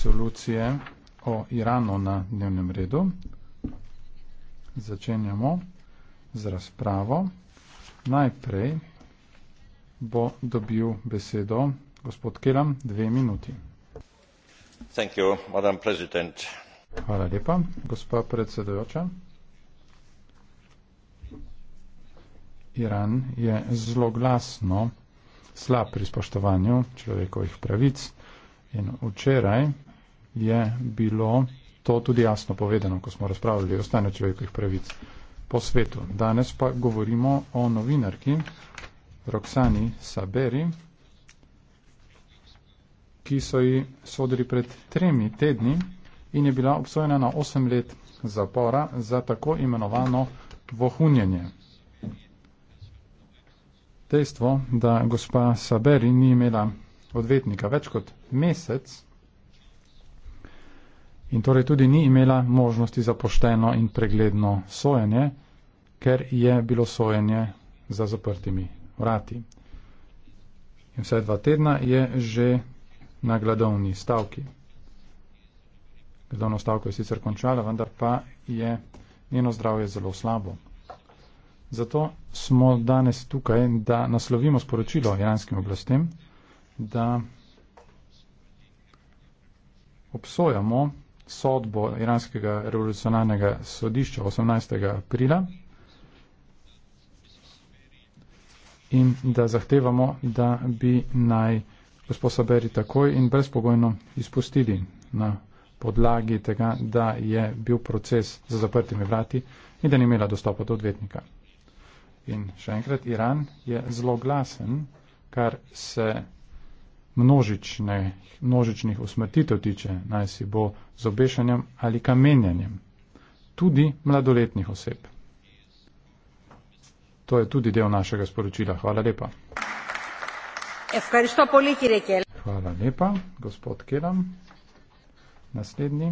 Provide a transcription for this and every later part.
resolucije o Iranu na dnevnem redu. Začenjamo z razpravo. Najprej bo dobil besedo gospod Kelam dve minuti. Thank you, madam president. Hvala lepa, gospa predsedujoča. Iran je zelo glasno slab pri spoštovanju človekovih pravic in včeraj je bilo to tudi jasno povedano, ko smo razpravljali o stanju človekovih pravic po svetu. Danes pa govorimo o novinarki Roksani Saberi, ki so ji sodili pred tremi tedni in je bila obsojena na 8 let zapora za tako imenovano vohunjenje. Dejstvo, da gospa Saberi ni imela odvetnika več kot mesec, in torej tudi ni imela možnosti za pošteno in pregledno sojenje, ker je bilo sojenje za zaprtimi vrati. In vse dva tedna je že na gladovni stavki. Gladovno stavko je sicer končala, vendar pa je njeno zdravje zelo slabo. Zato smo danes tukaj, da naslovimo sporočilo iranskim oblastem, da obsojamo sodbo iranskega revolucionarnega sodišča 18. aprila in da zahtevamo, da bi naj gospod Saberi takoj in brezpogojno izpustili na podlagi tega, da je bil proces za zaprtimi vrati in da ni imela dostopa do odvetnika. In še enkrat, Iran je zelo glasen, kar se množične, množičnih usmrtitev tiče, naj si bo z obešanjem ali kamenjanjem, tudi mladoletnih oseb. To je tudi del našega sporočila. Hvala lepa. Hvala lepa, gospod Kelam. Naslednji,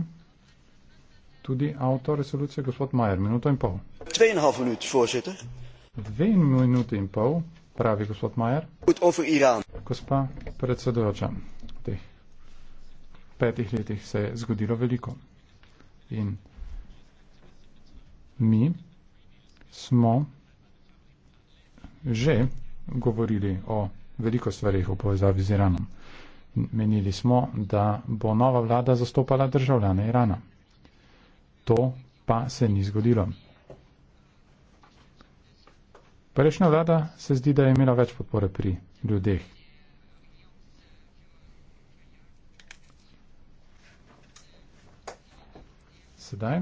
tudi avtor resolucije, gospod Majer, minuto in pol. Dve minuti in pol, pravi gospod Majer. Gospa predsedujoča. V teh petih letih se je zgodilo veliko. In mi smo že govorili o veliko stvarih v povezavi z Iranom. Menili smo, da bo nova vlada zastopala državljane Irana. To pa se ni zgodilo. Prejšnja vlada se zdi, da je imela več podpore pri ljudeh, sedaj,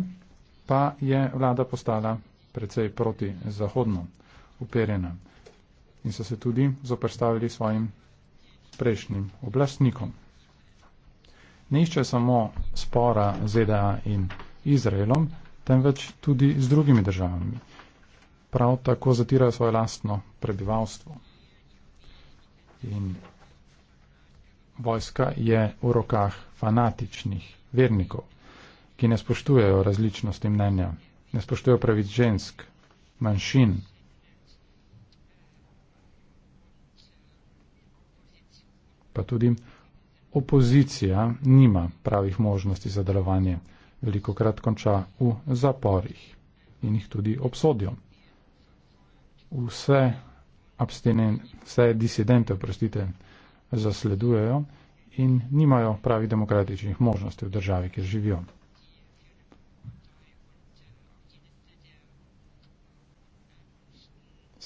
pa je vlada postala precej proti zahodno uperjena in so se tudi zoprstavili svojim prejšnjim oblastnikom. Ne išče samo spora ZDA in Izraelom, temveč tudi z drugimi državami. Prav tako zatirajo svoje lastno prebivalstvo. In vojska je v rokah fanatičnih vernikov ki ne spoštujejo različnosti mnenja, ne spoštujejo pravic žensk, manjšin. Pa tudi opozicija nima pravih možnosti za delovanje, veliko krat konča v zaporih in jih tudi obsodijo. Vse, abstinen, vse disidente prostite, zasledujejo in nimajo pravih demokratičnih možnosti v državi, kjer živijo.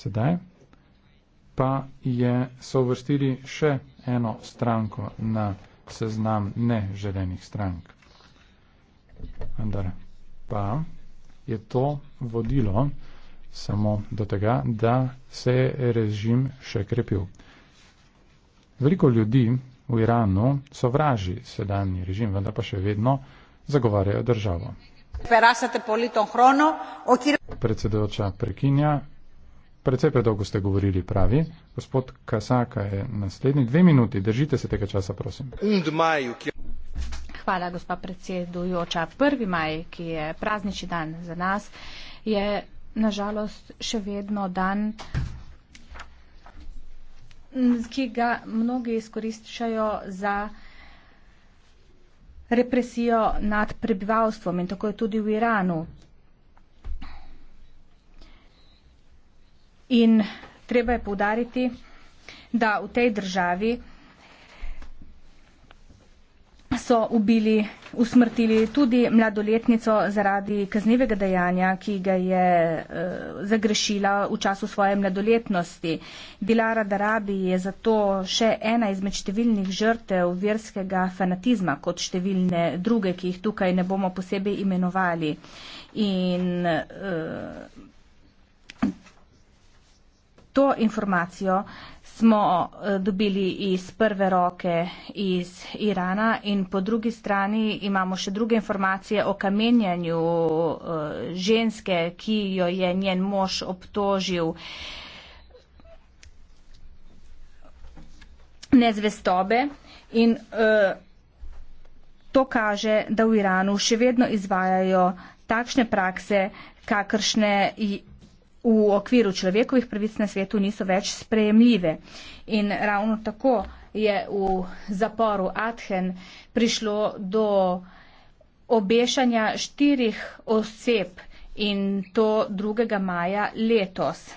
Sedaj pa je, so uvrstili še eno stranko na seznam neželenih strank. Vendar pa je to vodilo samo do tega, da se je režim še krepil. Veliko ljudi v Iranu sovraži sedanji režim, vendar pa še vedno zagovarjajo državo. Predsedujoča prekinja Predvsej predolgo ste govorili, pravi. Gospod Kasaka je naslednji. Dve minuti, držite se tega časa, prosim. Hvala, gospa predsedujoča. Prvi maj, ki je praznični dan za nas, je nažalost še vedno dan, ki ga mnogi izkoriščajo za represijo nad prebivalstvom in tako je tudi v Iranu. In treba je povdariti, da v tej državi so ubili, usmrtili tudi mladoletnico zaradi kaznivega dejanja, ki ga je uh, zagrešila v času svoje mladoletnosti. Dilara Darabi je zato še ena izmed številnih žrtev verskega fanatizma, kot številne druge, ki jih tukaj ne bomo posebej imenovali. In uh, to informacijo smo eh, dobili iz prve roke iz Irana in po drugi strani imamo še druge informacije o kamenjanju eh, ženske, ki jo je njen mož obtožil nezvestobe in eh, to kaže, da v Iranu še vedno izvajajo takšne prakse, kakršne v okviru človekovih pravic na svetu niso več sprejemljive. In ravno tako je v zaporu Athen prišlo do obešanja štirih oseb in to 2. maja letos.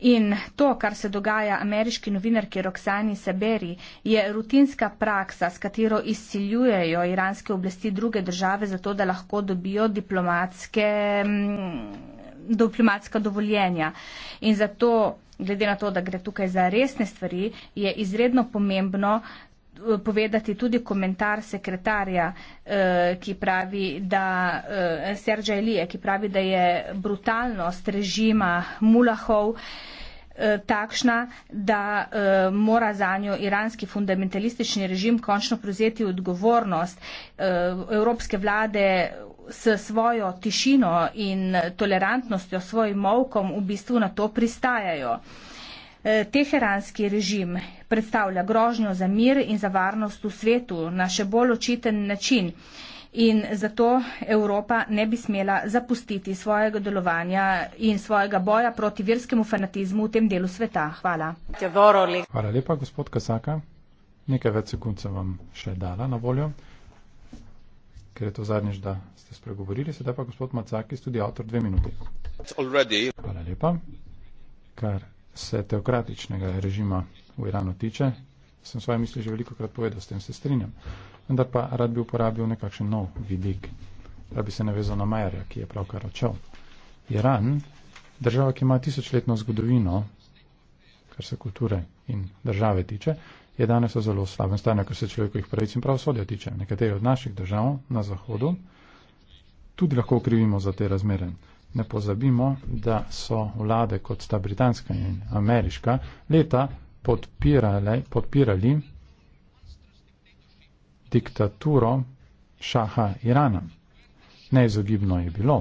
In to, kar se dogaja ameriški novinarki Roxani Saberi, je rutinska praksa, s katero izsiljujejo iranske oblasti druge države, zato da lahko dobijo diplomatske, mm, diplomatska dovoljenja. In zato, glede na to, da gre tukaj za resne stvari, je izredno pomembno, povedati tudi komentar sekretarja, eh, ki pravi, da eh, Serđa Elije, ki pravi, da je brutalnost režima Mulahov eh, takšna, da mora za njo iranski fundamentalistični režim končno prevzeti odgovornost evropske vlade s svojo tišino in tolerantnostjo, svojim molkom v bistvu na to pristajajo. Teheranski režim predstavlja grožnjo za mir in za varnost v svetu na še bolj očiten način. In zato Evropa ne bi smela zapustiti svojega delovanja in svojega boja proti virskemu fanatizmu v tem delu sveta. Hvala. Hvala lepa, gospod Kasaka. Nekaj več sekund sem vam še dala na voljo, ker je to zadnjič, da ste spregovorili. Sedaj pa gospod Macaki, tudi avtor, dve minuti. Hvala lepa. Kar se teokratičnega režima v Iranu tiče. Sem svoje misli že veliko krat povedal, s tem se strinjam. Vendar pa rad bi uporabil nekakšen nov vidik, da bi se navezal na Majerja, ki je pravkar odšel. Iran, država, ki ima tisočletno zgodovino, kar se kulture in države tiče, je danes v zelo slabem stanju, kar se človekovih pravic in pravosodja tiče. Nekateri od naših držav na Zahodu tudi lahko krivimo za te razmere. Ne pozabimo, da so vlade kot sta britanska in ameriška leta podpirale, podpirali diktaturo šaha Irana. Neizogibno je bilo,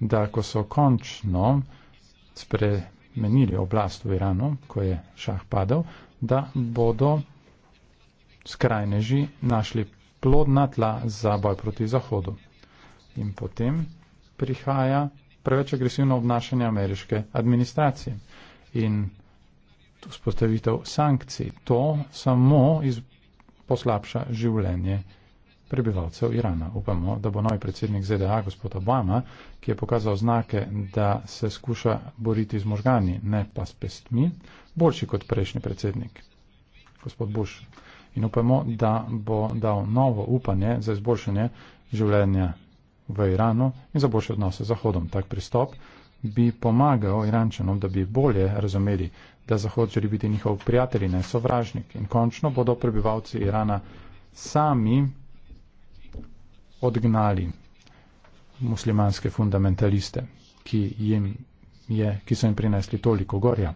da ko so končno spremenili oblast v Iranu, ko je šah padel, da bodo skrajneži našli plodna tla za boj proti Zahodu. In potem prihaja preveč agresivno obnašanje ameriške administracije. In vzpostavitev sankcij. To samo poslabša življenje prebivalcev Irana. Upamo, da bo novi predsednik ZDA, gospod Obama, ki je pokazal znake, da se skuša boriti z možgani, ne pa s pestmi, boljši kot prejšnji predsednik, gospod Bush. In upamo, da bo dal novo upanje za izboljšanje življenja v Iranu in za boljše odnose z Zahodom. Tak pristop bi pomagal Irančanom, da bi bolje razumeli da Zahod želi biti njihov prijatelj in ne sovražnik. In končno bodo prebivalci Irana sami odgnali muslimanske fundamentaliste, ki, jim je, ki so jim prinesli toliko gorja.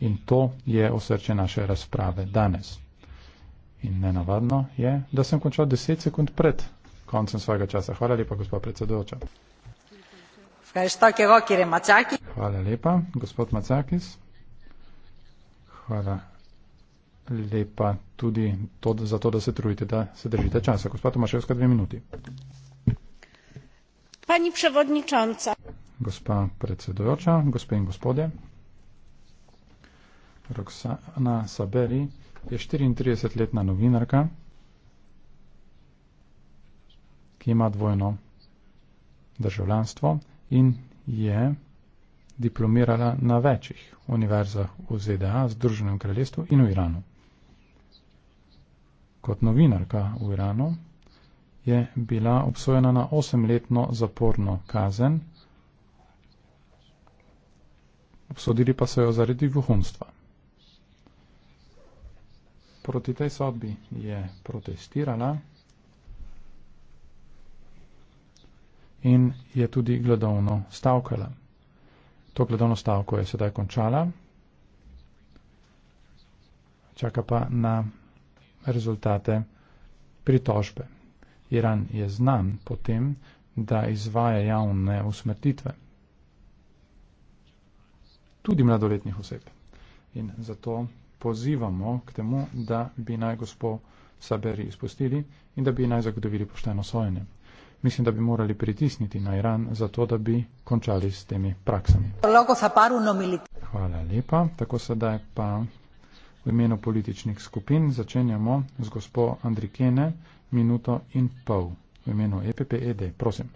In to je osrče naše razprave danes. In nenavadno je, da sem končal 10 sekund pred koncem svojega časa. Hvala lepa, gospa predsedujoča. Hvala lepa, gospod Macakis. Hvala lepa tudi to, za to, da se trudite, da se držite časa. Gospod Tomaševska, dve minuti. Pani przewodnicząca. Gospa predsedujoča, gospe in gospode. Roksana Saberi je 34-letna novinarka, ki ima dvojno državljanstvo in je diplomirala na večjih univerzah v ZDA, Združenem kraljestvu in v Iranu. Kot novinarka v Iranu je bila obsojena na osemletno zaporno kazen, obsodili pa so jo zaradi vohunstva. Proti tej sodbi je protestirala in je tudi gledovno stavkala. To gledovno stavko je sedaj končala. Čaka pa na rezultate pritožbe. Iran je znan potem, da izvaja javne usmrtitve. Tudi mladoletnih oseb. In zato pozivamo k temu, da bi naj gospod Saberi izpustili in da bi naj zagotovili pošteno sojenje mislim, da bi morali pritisniti na Iran, zato da bi končali s temi praksami. No Hvala lepa. Tako sedaj pa v imenu političnih skupin začenjamo z gospo Andrikene minuto in pol v imenu EPPED. Prosim.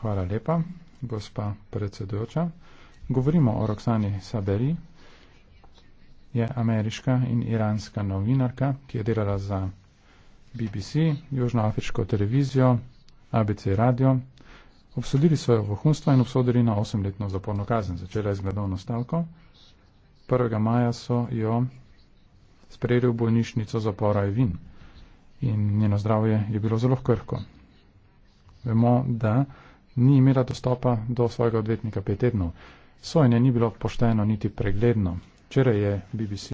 Hvala lepa, gospa predsedujoča. Govorimo o Roksani Saberi, je ameriška in iranska novinarka, ki je delala za BBC, Južnoafriško televizijo, ABC radio. Obsodili so jo vohunstva in obsodili na 8-letno zaporno kazen. Začela je z gledovno stavko. 1. maja so jo sprejeli v bolnišnico zapora Evin in njeno zdravje je bilo zelo krhko. Vemo, da ni imela dostopa do svojega odvetnika pet tednov. Sojenje ni bilo pošteno niti pregledno. Včeraj je BBC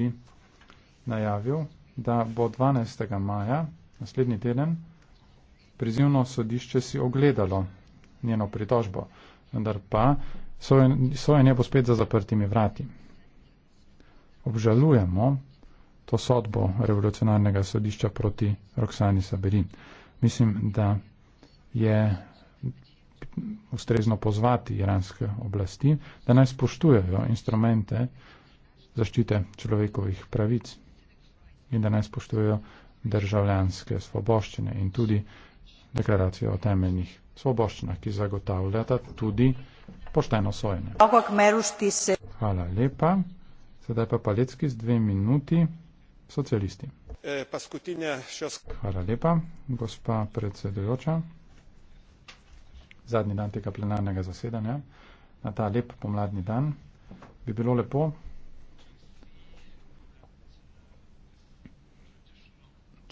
najavil, da bo 12. maja naslednji teden prizivno sodišče si ogledalo njeno pritožbo, vendar pa sojenje bo spet za zaprtimi vrati. Obžalujemo to sodbo revolucionarnega sodišča proti Roksani Saberin. Mislim, da je ustrezno pozvati iranske oblasti, da naj spoštujejo instrumente, zaščite človekovih pravic in da ne spoštujejo državljanske svoboščine in tudi deklaracijo o temeljnih svoboščinah, ki zagotavljata tudi pošteno sojenje. Hvala lepa. Sedaj pa paletski z dve minuti. Socialisti. Hvala lepa, gospa predsedujoča. Zadnji dan tega plenarnega zasedanja, na ta lep pomladni dan, bi bilo lepo,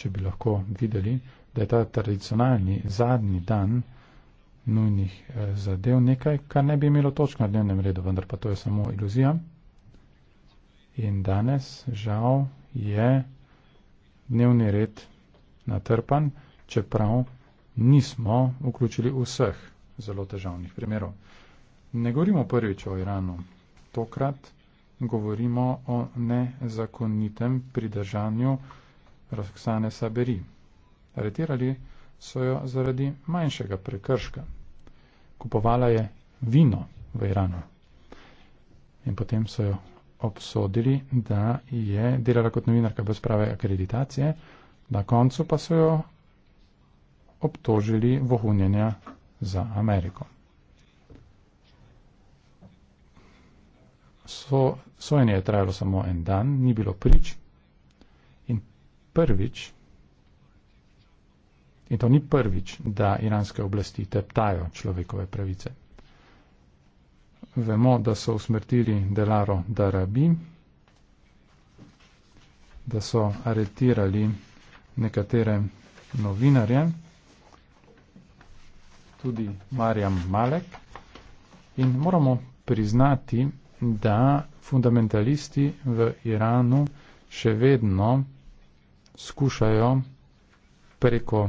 če bi lahko videli, da je ta tradicionalni zadnji dan nujnih eh, zadev nekaj, kar ne bi imelo točno na dnevnem redu, vendar pa to je samo iluzija. In danes, žal, je dnevni red natrpan, čeprav nismo vključili vseh zelo težavnih primerov. Ne govorimo prvič o Iranu. Tokrat govorimo o nezakonitem pridržanju Roksane Saberi. Aretirali so jo zaradi manjšega prekrška. Kupovala je vino v Iranu. In potem so jo obsodili, da je delala kot novinarka brez prave akreditacije, na koncu pa so jo obtožili vohunjenja za Ameriko. So, sojenje je trajalo samo en dan, ni bilo prič, prvič, in to ni prvič, da iranske oblasti teptajo človekove pravice. Vemo, da so usmrtili Delaro Darabi, da so aretirali nekatere novinarje, tudi Marjam Malek. In moramo priznati, da fundamentalisti v Iranu še vedno skušajo preko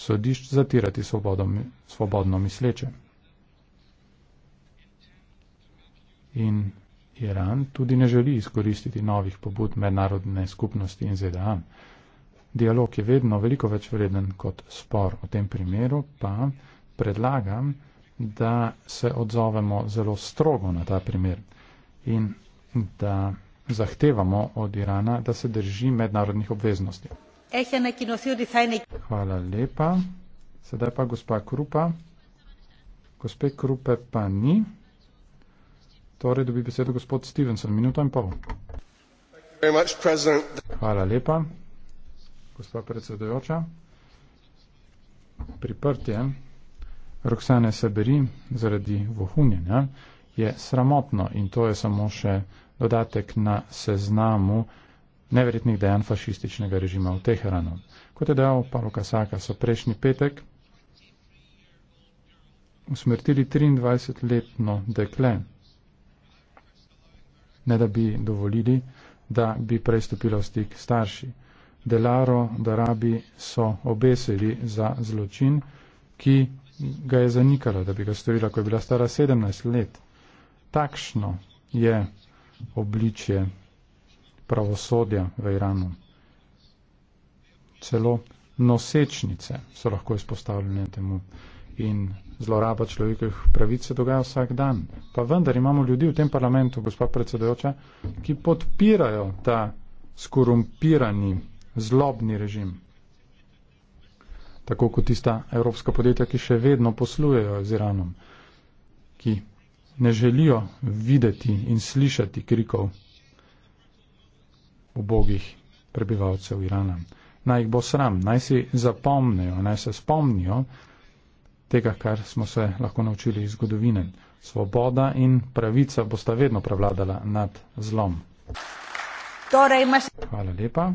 sodišč zatirati svobodo, svobodno misleče. In Iran tudi ne želi izkoristiti novih pobud mednarodne skupnosti in ZDA. Dialog je vedno veliko več vreden kot spor. V tem primeru pa predlagam, da se odzovemo zelo strogo na ta primer in da zahtevamo od Irana, da se drži mednarodnih obveznosti. Hvala lepa. Sedaj pa gospa Krupa. Gospe Krupe pa ni. Torej dobi besedo gospod Stevenson, minuto in pol. Hvala lepa, gospa predsedojoča. Priprtje Roksane Seberi zaradi vohunjenja je sramotno in to je samo še dodatek na seznamu neverjetnih dejanj fašističnega režima v Teheranu. Kot je dejal Pavlo Kasaka, so prejšnji petek usmrtili 23-letno dekle, ne da bi dovolili, da bi prestopila v stik starši. Delaro Darabi so obesili za zločin, ki ga je zanikala, da bi ga storila, ko je bila stara 17 let. Takšno je obličje pravosodja v Iranu. Celo nosečnice so lahko izpostavljene temu in zloraba človekovih pravic se dogaja vsak dan. Pa vendar imamo ljudi v tem parlamentu, gospa predsedojoča, ki podpirajo ta skorumpirani, zlobni režim. Tako kot tista evropska podjetja, ki še vedno poslujejo z Iranom, ki ne želijo videti in slišati krikov ubogih prebivalcev Irana. Naj jih bo sram, naj si zapomnejo, naj se spomnijo tega, kar smo se lahko naučili iz zgodovine. Svoboda in pravica bosta vedno prevladala nad zlom. Torej, imaš... Hvala lepa.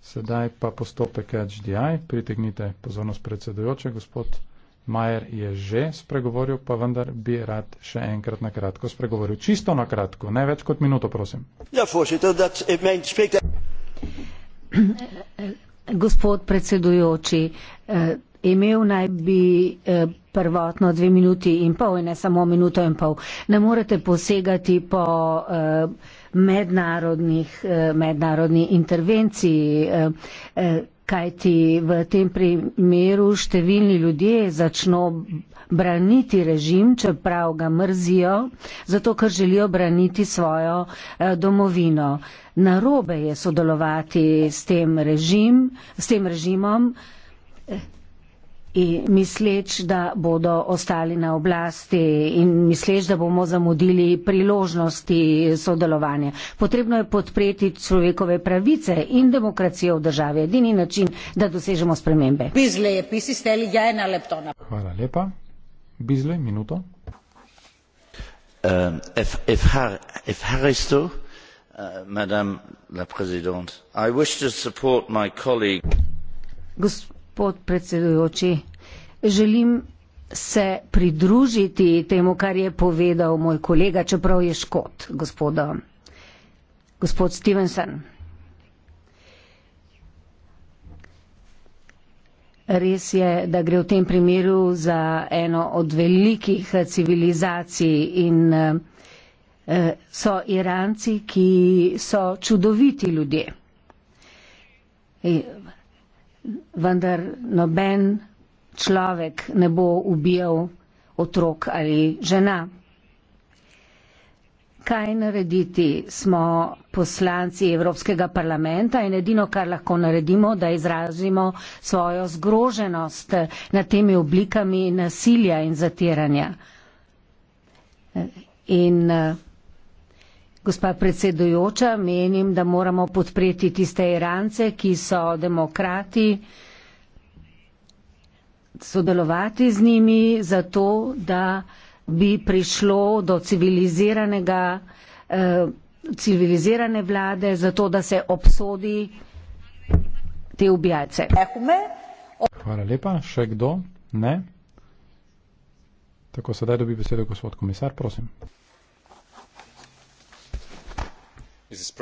Sedaj pa postopek HDI. Pritegnite pozornost predsedujoče, gospod Majer je že spregovoril, pa vendar bi rad še enkrat na kratko spregovoril. Čisto na kratko, ne več kot minuto, prosim. Ja, fošite, da je eh, meni spekter. Eh, eh, gospod predsedujoči, eh, imel naj bi eh, prvotno dve minuti in pol in ne samo minuto in pol. Ne morete posegati po eh, mednarodnih, eh, mednarodni intervenciji. Eh, eh, kajti v tem primeru številni ljudje začno braniti režim, čeprav ga mrzijo, zato ker želijo braniti svojo eh, domovino. Narobe je sodelovati s tem, režim, s tem režimom. Eh, in misleč, da bodo ostali na oblasti in misleč, da bomo zamudili priložnosti sodelovanja. Potrebno je podpreti človekove pravice in demokracijo v državi. Edini način, da dosežemo spremembe. Bizle, pisi steli, ja je na leptona. Hvala lepa. Bizle, minuto. Eh, eh, Gospod podpredsedujoči. Želim se pridružiti temu, kar je povedal moj kolega, čeprav je škod, gospoda, gospod Stevenson. Res je, da gre v tem primeru za eno od velikih civilizacij in eh, so Iranci, ki so čudoviti ljudje. E, vendar noben človek ne bo ubijal otrok ali žena. Kaj narediti? Smo poslanci Evropskega parlamenta in edino, kar lahko naredimo, da izrazimo svojo zgroženost nad temi oblikami nasilja in zatiranja. In eh, Gospa predsedujoča, menim, da moramo podpreti tiste Irance, ki so demokrati, sodelovati z njimi, zato da bi prišlo do civiliziranega, eh, civilizirane vlade, zato da se obsodi te ubijalce. Hvala lepa. Še kdo? Ne. Tako sedaj dobi besedo gospod komisar, prosim.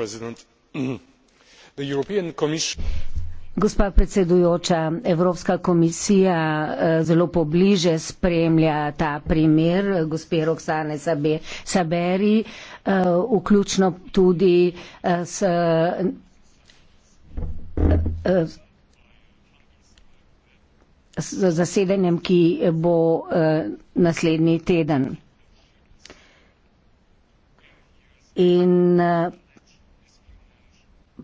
gospa predsedujoča evropska komisija eh, zelo pobliže spremlja ta primer gospe roksane saberi eh, vključno tudi eh, s z zasedanjem, ki bo naslednji teden. In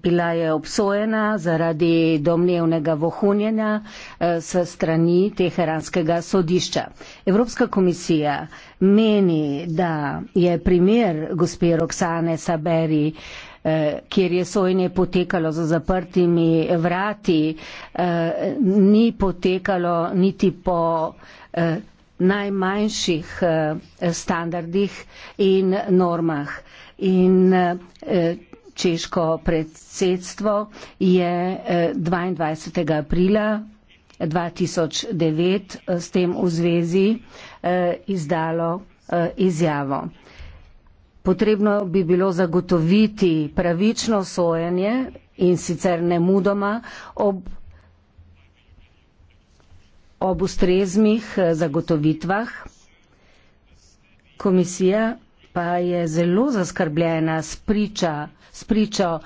bila je obsojena zaradi domnevnega vohunjenja eh, s strani teheranskega sodišča. Evropska komisija meni, da je primer gospe Roksane Saberi eh, kjer je sojenje potekalo za zaprtimi vrati, eh, ni potekalo niti po najmanjših standardih in normah. In češko predsedstvo je 22. Eh, aprila 2009 eh, s tem v zvezi eh, izdalo izjavo. Potrebno bi bilo zagotoviti pravično sojenje in sicer ne mudoma ob, ob ustreznih zagotovitvah. Komisija pa je zelo zaskrbljena s priča spričo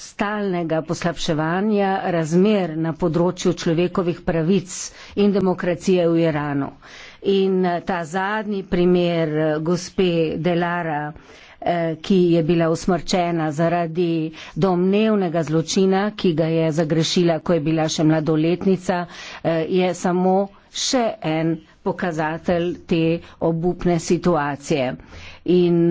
stalnega poslapševanja razmer na področju človekovih pravic in demokracije v Iranu. In eh, ta zadnji primer eh, gospe Delara, eh, ki je bila usmrčena zaradi domnevnega zločina, ki ga je zagrešila, ko je bila še mladoletnica, je samo še en pokazatelj te obupne situacije. In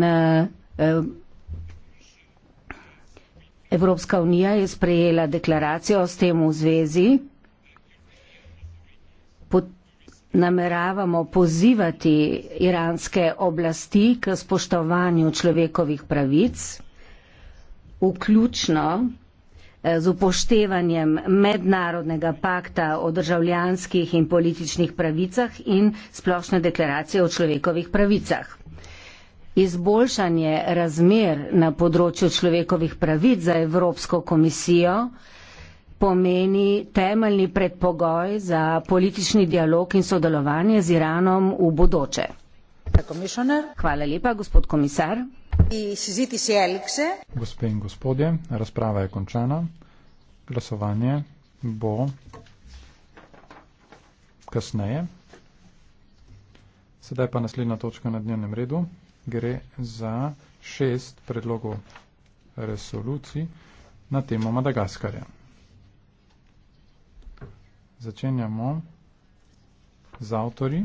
Evropska unija je sprejela deklaracijo s tem v zvezi. Pot nameravamo pozivati iranske oblasti k spoštovanju človekovih pravic, vključno eh, z upoštevanjem mednarodnega pakta o državljanskih in političnih pravicah in splošne deklaracije o človekovih pravicah izboljšanje razmer na področju človekovih pravic za Evropsko komisijo pomeni temeljni predpogoj za politični dialog in sodelovanje z Iranom v bodoče. Hvala lepa, gospod komisar. Gospe in gospodje, razprava je končana. Glasovanje bo kasneje. Sedaj pa naslednja točka na dnevnem redu gre za šest predlogov resolucij na temo Madagaskarja. Začenjamo z avtori.